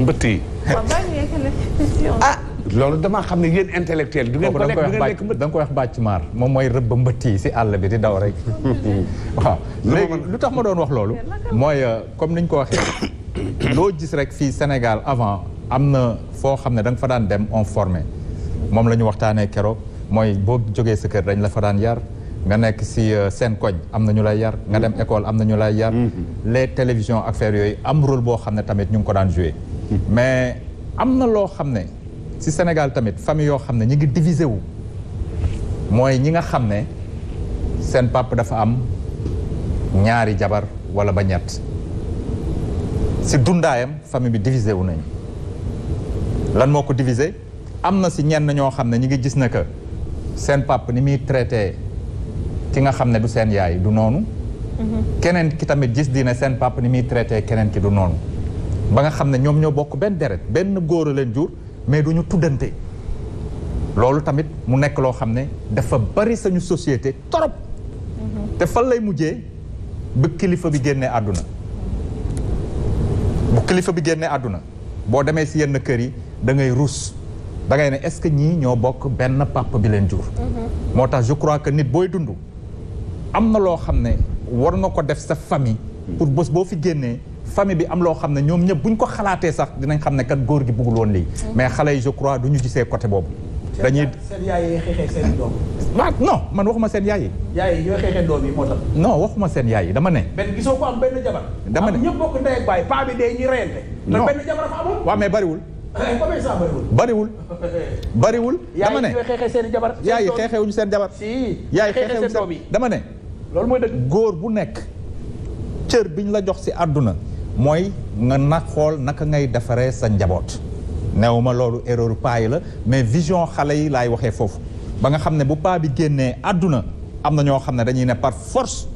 mbëtt yi. ah loolu damaa xam ne yéen intellectuel du ngeen ko lekk eh, du ngeen lekk mbëtt da bàcc maar moom mooy rëbb mbëtt yi si àll bi di daw rek. waaw lu tax ma doon wax loolu. mooy euh, comme ni niñ ko waxee. loo gis rek fii Sénégal avant am na foo xam ne da fa daan dem on formé moom la ñu waxtaanee keroog mooy boo jógee sa kër dañ la fa daan yar. nga nekk si euh, seen koñ am na ñu lay yar. nga dem école am na ñu lay yar. Mm-hmm. les télévision affaire affaires yooyu am rôle boo xam ne tamit ñu ngi ko daan joué. mais am na loo xam ne si Sénégal tamit famille yoo xam ne ñi ngi divisé wu mooy ñi nga xam ne seen pàpp dafa am ñaari jabar walla ba ñett ci dundaayam famille bi divisé wu nañ lan moo ko divisé am na si ñenn ñoo xam ne ñi ngi gis na que seen pàpp ni muy traité ki nga xam ne du seen yaay du noonu mhm. keneen ki tamit gis di ne seen pàpp ni muy traité keneen ki du noonu ba nga xam ne ñoom ñoo bokk benn deret benn góor a leen jur mais du ñu tuddante loolu tamit mu nekk loo xam ne dafa bari sañu societé torop mm-hmm. te fan lay mujjee ba kilifa bi génnee àdduna bu kilifa bi génnee àdduna boo demee si yenn kër yi da ngay ruus da ngay ne est-ce que ñii ñoo bokk benn papa bi leen jur mm-hmm. moo tax je crois que nit booy dund am na loo xam ne war nga ko def sa famille mm. pour bés boo fi génnee famille bi am loo xam ne ñoom ñëpp bu ñu ko xalaatee sax dinañ xam ne kat góor gi bëggul woon lii mm. mais xale yi je crois du ñu gisee côté boobu dañuy seen yaay yi xeexee seen doom waaw non man waxuma seen yaay yi yaay xeexee doom yi moo tax non waxuma seen yaay yi dama ne benn gisoo ko am benn jabar dama ñëpp bokk ndey ak baay paa bi dee ñuy eh, bariwul bariwul bariwul dama ne yaay xeexee seen jabar yaay yi xeexewuñu seen jabar si yaay xeexewuñu seen dama ne loolu mooy dëgg góor bu nekk cër biñ la jox si àdduna mooy nga nag xool naka ngay defaree sa njaboot new ma loolu erreur paa la mais vision xale yi laay waxee foofu ba nga xam ne bu paa bi génnee àdduna am na ñoo xam ne dañuy ne par force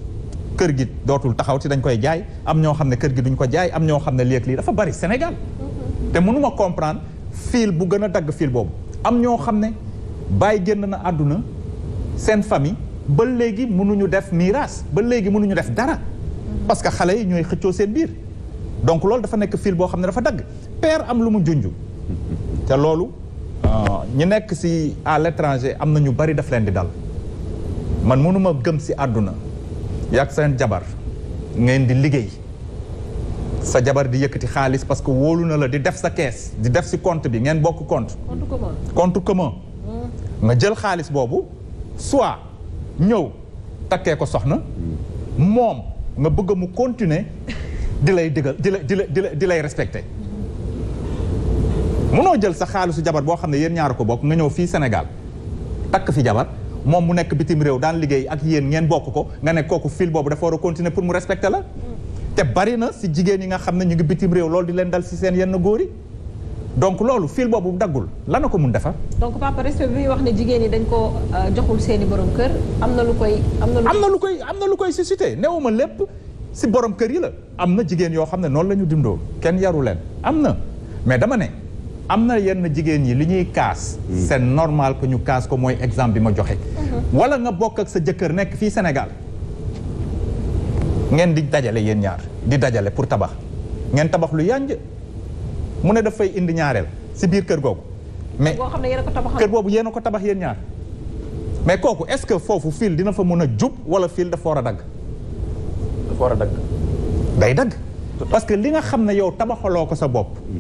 kër gi dootul taxaw ci dañ koy jaay am ñoo xam ne kër gi duñ ko jaay am ñoo xam ne léeg lii dafa bari Sénégal mm-hmm. te mënuma comprendre fil bu gën a dagg fil boobu am ñoo xam ne bàyyi génn na àdduna seen famille ba léegi mënuñu def miiras ba léegi mënuñu def dara mm-hmm. parce que xale yi ñooy xëccoo seen biir donc loolu dafa nekk fil boo xam ne dafa dagg père am lu mu junj te loolu euh, ñu nekk si à l'étranger am na ñu bari daf leen di dal man mënuma gëm si àdduna yàgg seen jabar ngeen di liggéey sa jabar di yëkkati xaalis parce que wóolu na la di def sa kees di def si compte bi ngeen bokk compte compte commun hmm. nga jël xaalis boobu soit ñëw takkee ko soxna moom nga bëgg mu continuer di lay digal di lay di lay di lay respecté munoo jël sa xaalisu jabar boo xam ne yéen ñaar ko bokk nga ñëw fii Sénégal takk fi jabar moom mu nekk bitim réew daan liggéey ak yéen ngeen bokk ko nga ne kooku fil boobu dafa war a continuer pour mu respecté la te bari na si jigéen yi nga xam ne ñu ngi bitim réew loolu di leen dal si seen yenn góor yi donc loolu fil boobu daggul lan na ko mun defar. donc papa respect bi muy wax ne jigéen ñi dañ ko euh, joxul seeni borom kër am na lu koy. am na am na lu koy am lu koy suscité newuma lépp. si borom kër yi la am na jigéen yoo xam ne noonu la ñu dundoo kenn yaru leen am na mais dama ne am na yenn jigéen yi li ñuy kaas hmm. seen normal que ñu kaas ko mooy exemple bi ma joxe mm-hmm. wala nga bokk ak sa jëkkër nekk fii Sénégal ngeen di dajale yéen ñaar di dajale pour tabax ngeen tabax lu yànj mu ne dafay indi ñaareel si biir kër googu mais kër boobu yéen ko tabax yéen ñaar mais kooku est-ce que foofu fil dina fa mun a jub wala fil dafa war a dagg ko war a dagg. day dagg parce que li nga xam ne yow tabaxaloo ko sa bopp.